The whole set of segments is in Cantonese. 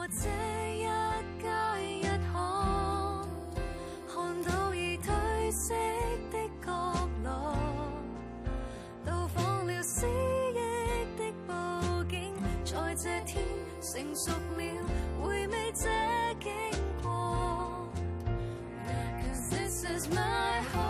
或者一街一巷，看到已褪色的角落，到訪了思意的布景，在這天成熟了，回味這經過。'Cause this is my home,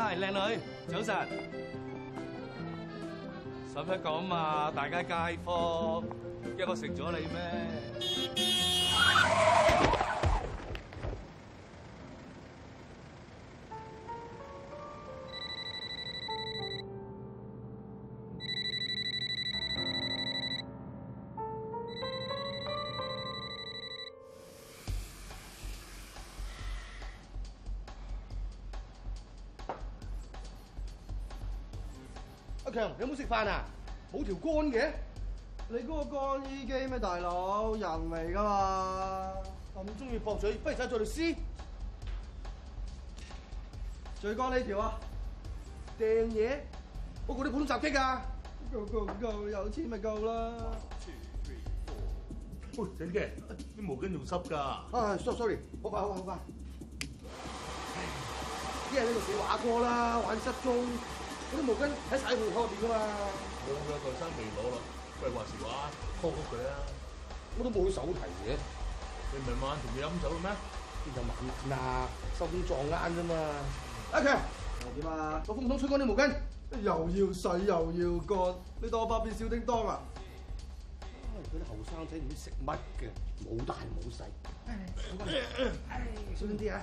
嗨，靚女，早晨。使乜咁啊？大家街坊，驚我食咗你咩？有冇食飯啊？冇條乾嘅。你嗰個乾衣機咩大佬？人嚟㗎嘛？咁中意駁嘴，唔使做律師。最乾呢條啊？掟嘢，我嗰啲普通襲擊啊。夠夠夠，有錢咪夠啦。One, two, three，喂，整嘅啲毛巾仲濕㗎。啊、ah, sorry, sorry，好快、啊、好快好，好快。啲人喺度寫畫過啦，玩失蹤。嗰啲毛巾喺洗碗台邊㗎嘛？我嘅台衫未攞咯，唔係話時話，拖服佢啊！我都冇手提嘅，你明嘛？同佢飲酒嘅咩？邊有晚晚啊？收工撞啱啫嘛！阿強，點啊？攞風筒吹乾啲毛巾，又要洗又要乾，你當我百變小叮當啊？唉，嗰啲後生仔唔知食乜嘅，冇大冇細，小心啲啊！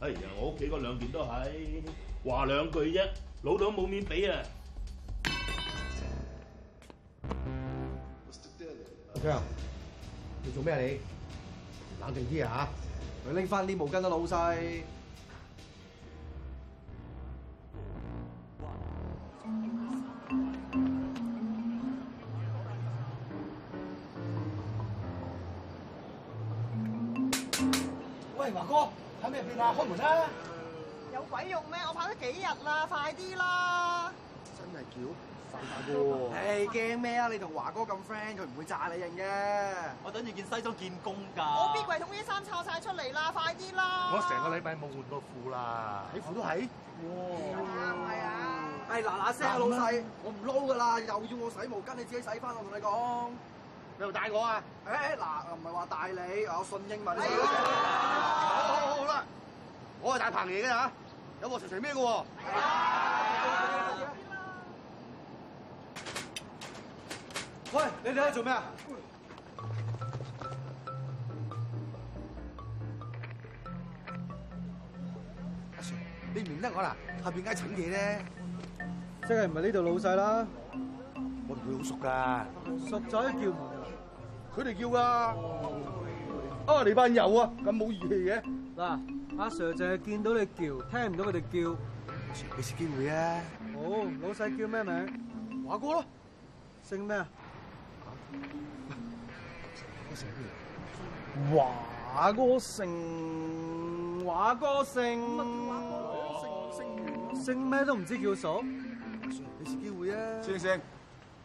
哎呀，我屋企嗰兩件都係，話兩句啫。老豆冇面俾，OK，啊！阿強，啊，你做咩啊你？冷靜啲啊，佢拎翻啲毛巾啦，啊，老細。喂，華哥，喺咩嘢事啊？開門啊！有鬼用咩？我跑咗幾日啦，快啲啦！真係叫洗晒鍋。誒，驚咩啊？你同華哥咁 friend，佢唔會炸你人嘅。我等住件西裝見工噶。我必櫃桶啲衫抄晒出嚟啦，快啲啦！我成個禮拜冇換過褲啦，你褲都係。唔係啊！誒，嗱嗱聲啊，老細，我唔撈噶啦，又要我洗毛巾，你自己洗翻，我同你講。你又帶我啊？誒誒，嗱，唔係話帶你，我信英文。好好好啦，我係帶彭爺嘅吓。有部船食咩嘅喎？喂，你哋喺度做咩啊？阿 Sir，你唔認得我啦？係點解請嘢咧？即係唔係呢度老細啦？我唔會好熟㗎。熟都叫，唔佢哋叫㗎。啊，你班友啊，咁冇義氣嘅嗱。阿 sir 淨係見到你叫，聽唔到佢哋叫、叫、叫，俾次機會啊？好，老細叫咩名？華哥咯，姓咩啊？華哥姓華哥姓，華哥姓咩都唔知叫數，俾次機會啊？先生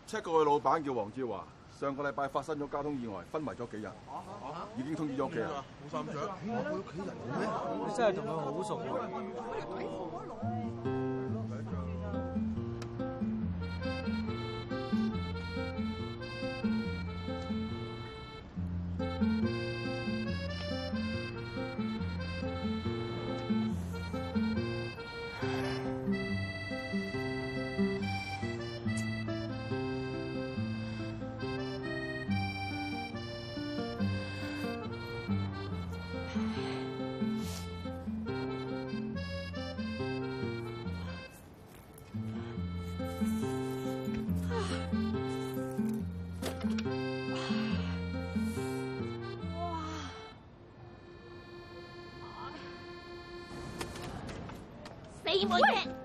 ，check 過佢老闆叫黃志華。上個禮拜發生咗交通意外，昏迷咗幾日，已經通知咗屋企人。冇散場，我屋企人嚟，啊啊，你真係同佢好熟。啊。嗯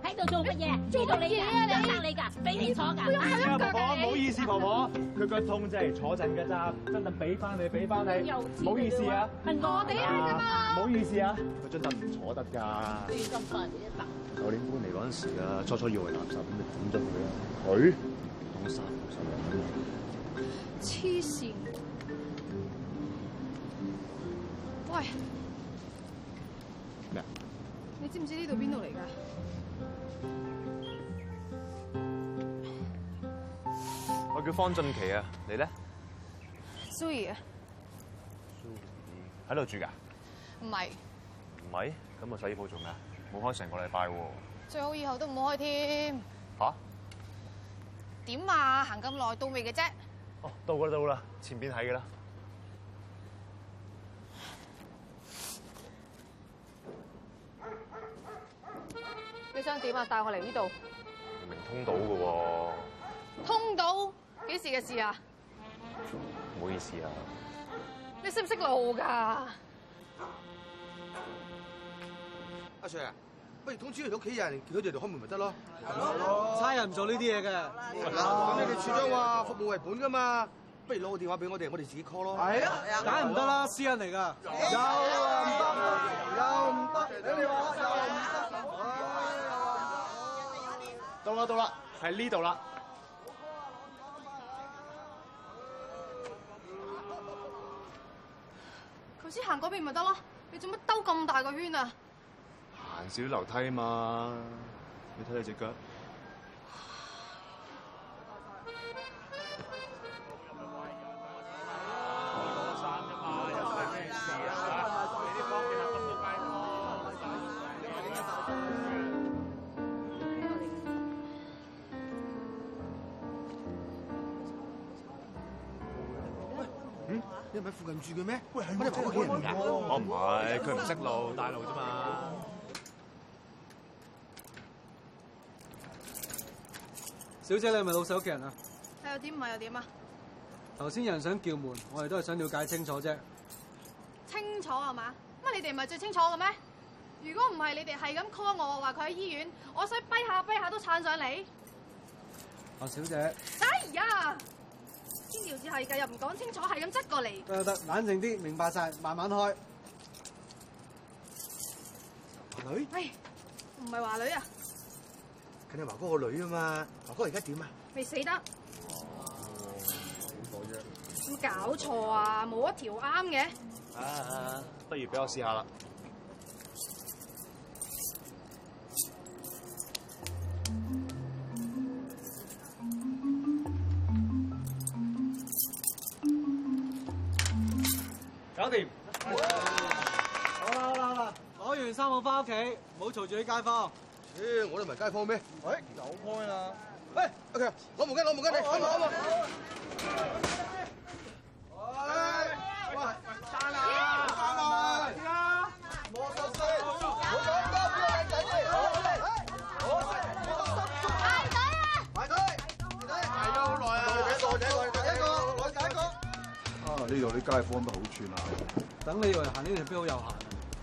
喺度做乜嘢？做嘢啊！你隔你噶，俾你坐噶。阿婆唔好意思，婆婆，佢腳痛啫，坐陣噶咋？張凳俾翻你，俾翻你。唔好意思啊。係我哋啊嘛。唔好意思啊。佢張凳唔坐得噶。點咁煩？舊年搬嚟嗰陣時啊，初初以為垃圾，咁咪抌咗佢啦。佢？三六十萬蚊。黐線。你知唔知呢度邊度嚟噶？我叫方駿麒啊，你咧？Zoe。Zoe。喺度住噶？唔係。唔係？咁啊洗衣服做咩啊？冇開成個禮拜喎。最好以後都唔好開添。吓？點啊？行咁耐到未嘅啫？哦，到啦到啦，前邊睇嘅啦。想點啊？帶我嚟呢度，明明通到噶，通到幾時嘅事啊？唔好意思啊，你識唔識路噶？阿 Sir，不如通知你屋企人，叫佢哋嚟開門咪得咯。係咯，差人唔做呢啲嘢嘅。咁你哋處長話服務為本噶嘛？不如攞個電話俾我哋，我哋自己 call 咯。係啊，梗係唔得啦，私人嚟噶。啊！唔得，又唔得，你話又唔得。到啦，到啦，喺呢度啦。頭先行嗰邊咪得咯，你做乜兜咁大個圈啊？行少啲樓梯啊嘛，你睇你隻腳。你喺附近住嘅咩？喂，係咪屋企人啊？我唔係，佢唔識路，對大路啫嘛。小姐，你係咪老細屋企人啊？係又點？唔係又點啊？頭先有人想叫門，我哋都係想了解清楚啫。清楚係嘛？乜你哋唔係最清楚嘅咩？如果唔係，你哋係咁 call 我，話佢喺醫院，我想跛下跛下都撐上嚟。啊，小姐。哎呀！先條是係嘅，又唔講清楚，係咁側過嚟。得得，冷靜啲，明白晒，慢慢開。華女。喂，唔係華女啊。緊係華哥個女啊嘛，華哥而家點啊？未死得。哦，點講啫？咁搞錯啊，冇一條啱嘅。啊啊，不如俾我試下啦。三號返屋企，唔好嘈住啲街坊。黐，我都唔係街坊咩？喂，走開啦！喂，阿強，攞毛巾，攞毛巾，你。來，快啲，散啦，散埋，唔好心酸，唔好咁多嘅仔嚟。好，我心足。排隊啊！排隊，排隊，排咗好耐啊！落井，落井，落井，第一個，揾仔哥。啊，呢度啲街坊都好串啊！等你嚟行呢條街好悠閒。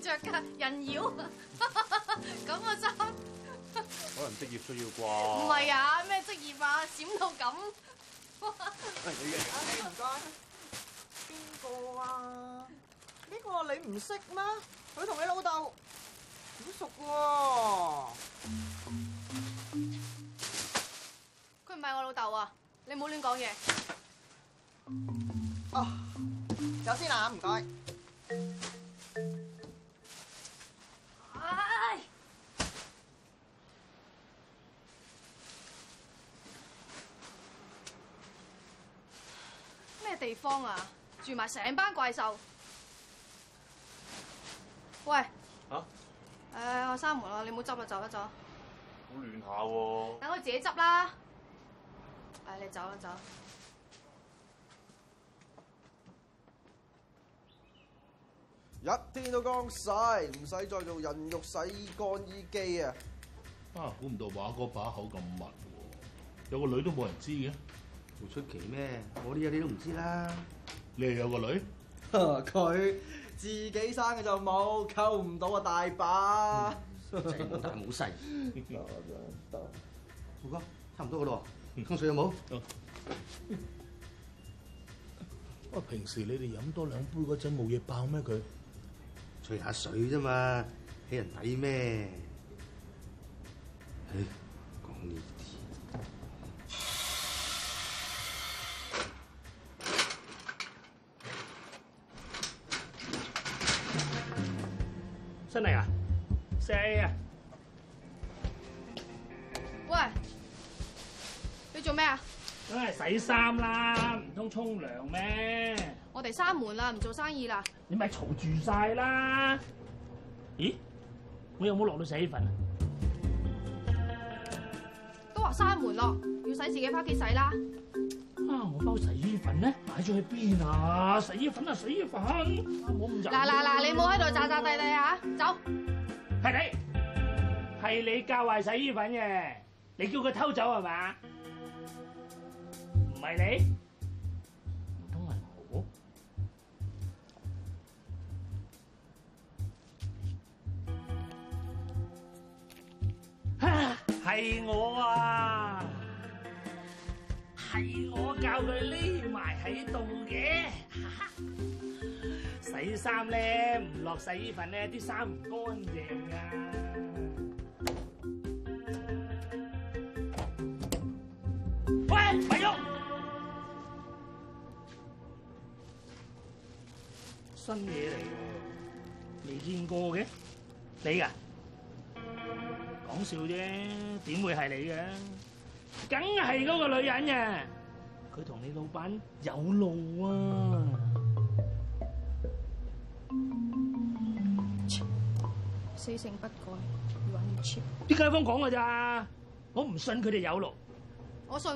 着噶人妖，咁啊真。可能職業需要啩？唔係啊，咩職業啊？閃到咁。唔該。邊個啊？呢個你唔識咩？佢同你老豆好熟噶。佢唔係我老豆啊！你唔好亂講嘢。啊，走先啦，唔該。地方啊，住埋成班怪獸。喂，啊，誒、呃，我閂門啦，你唔好執啊，走啦，走。好亂下喎、啊。等我自己執啦。誒、呃，你走啦，走。一天都光晒，唔使再做人肉洗乾衣機啊！啊，估唔到華哥把口咁密喎，有個女都冇人知嘅。出奇咩？我呢一啲都唔知啦。你又、啊、有個女？佢、啊、自己生嘅就冇，溝唔到啊大把。仔、嗯、大細。冇錯。 華 哥，差唔多噶咯，沖、嗯、水有冇？冇、啊。哇、啊！平時你哋飲多兩杯嗰陣冇嘢爆咩？佢。吹下水啫嘛，起人底咩？沖涼咩？我哋閂門啦，唔做生意啦。你咪嘈住晒啦！咦？我有冇落到洗衣粉啊？都話閂門咯，要洗自己返屋企洗啦。啊！我包洗衣粉咧，擺咗喺邊啊？洗衣粉啊，洗衣粉！嗱嗱嗱，你唔好喺度詐詐諦諦吓，走！係你，係你教壞洗衣粉嘅，你叫佢偷走係嘛？唔係你？係我啊，係我教佢匿埋喺度嘅。洗衫咧，唔落洗衣粉咧，啲衫唔乾淨啊。喂，咪用新嘢嚟，未見過嘅，你啊？講笑啫，點會係你嘅？梗係嗰個女人呀，佢同你老闆有路啊！死性不改，搵錢。啲街坊講㗎咋？我唔信佢哋有路，我信。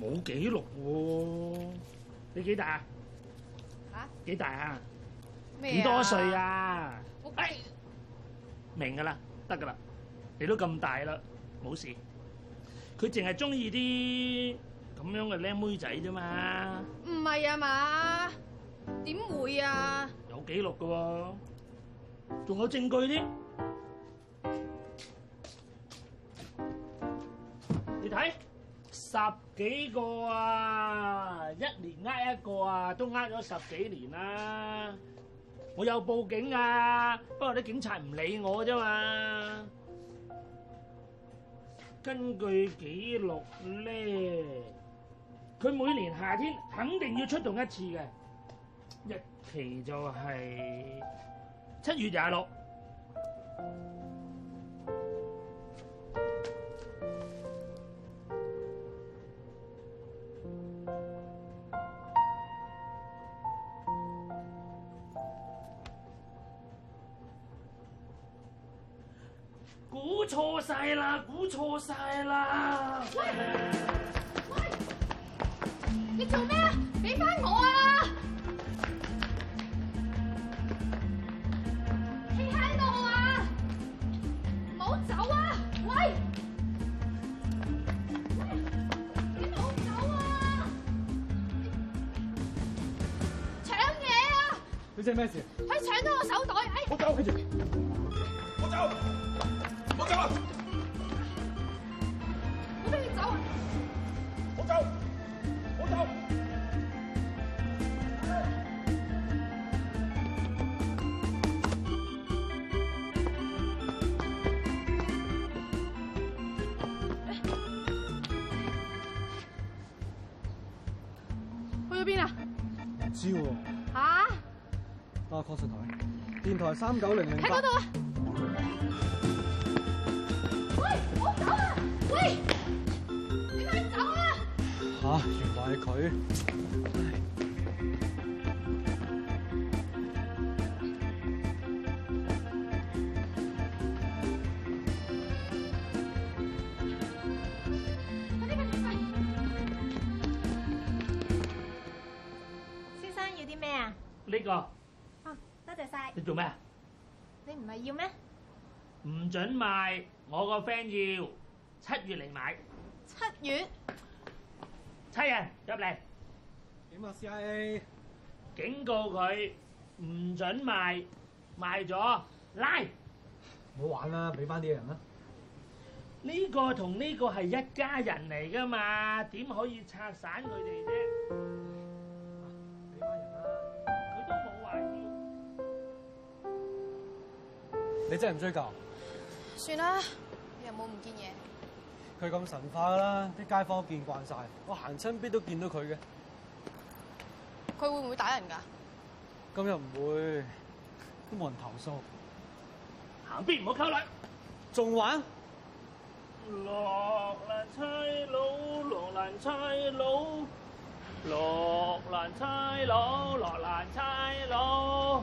冇記錄喎，你幾大啊？吓？幾大啊？幾多歲啊？哎！明噶啦，得噶啦，你都咁大啦，冇事。佢淨係中意啲咁樣嘅靚妹仔啫嘛。唔係啊嘛？點會啊？有記錄噶喎，仲有證據呢？你睇十幾個啊，一年呃一個啊，都呃咗十幾年啦。我有報警啊，不過啲警察唔理我啫嘛。根據記錄咧，佢每年夏天肯定要出動一次嘅，日期就係七月廿六。晒啦，估錯晒啦！喂喂，喂，你做咩啊？俾翻我啊！企喺度啊！唔好走啊！喂喂，你唔好走啊！搶嘢啊！小姐咩事？佢搶咗我手袋！哎，我走，我走，我走唔知喎嚇，啊，確實台電台三九零零喺嗰度啊！喂，我走啊！喂，你快走啊！吓、啊，原來係佢。呢個，啊，多謝曬。你做咩？你唔係要咩？唔準賣，我個 friend 要，七月嚟買。七月，七日入嚟。點啊？CIA 警告佢唔準賣，賣咗拉。唔好玩啦，俾翻啲人啦。呢個同呢個係一家人嚟噶嘛？點可以拆散佢哋啫？你真係唔追究？算啦，你又冇唔見嘢。佢咁神化啦，啲街坊都見慣晒，我行親邊都見到佢嘅。佢會唔會打人㗎？咁又唔會，都冇人投訴。行邊唔好溝啦，仲玩？落蘭差佬，落蘭差佬，落蘭差佬，落蘭差佬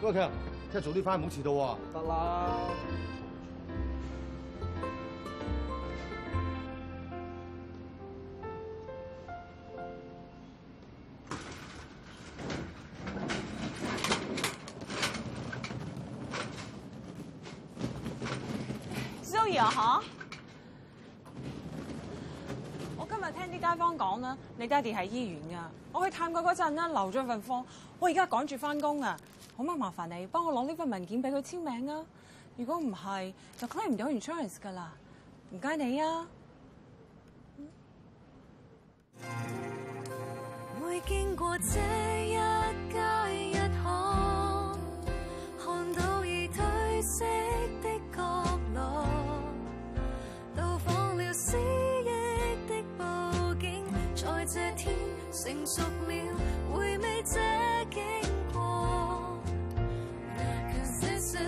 喂，強，聽日早啲翻，唔好遲到，啊。得啦了。Zoe，Z 吓，啊，我今日聽啲街坊講啦，你爹哋喺醫院噶。我去探佢嗰陣咧，留咗份方，我而家趕住翻工啊。好嘛，麻煩你幫我攞呢份文件俾佢簽名啊。如果唔係，就 claim 唔到 insurance 噶喇。唔該你啊會、嗯、經過這一街一巷，看到已褪色的角落都放了肆翼的報景。在這天成熟了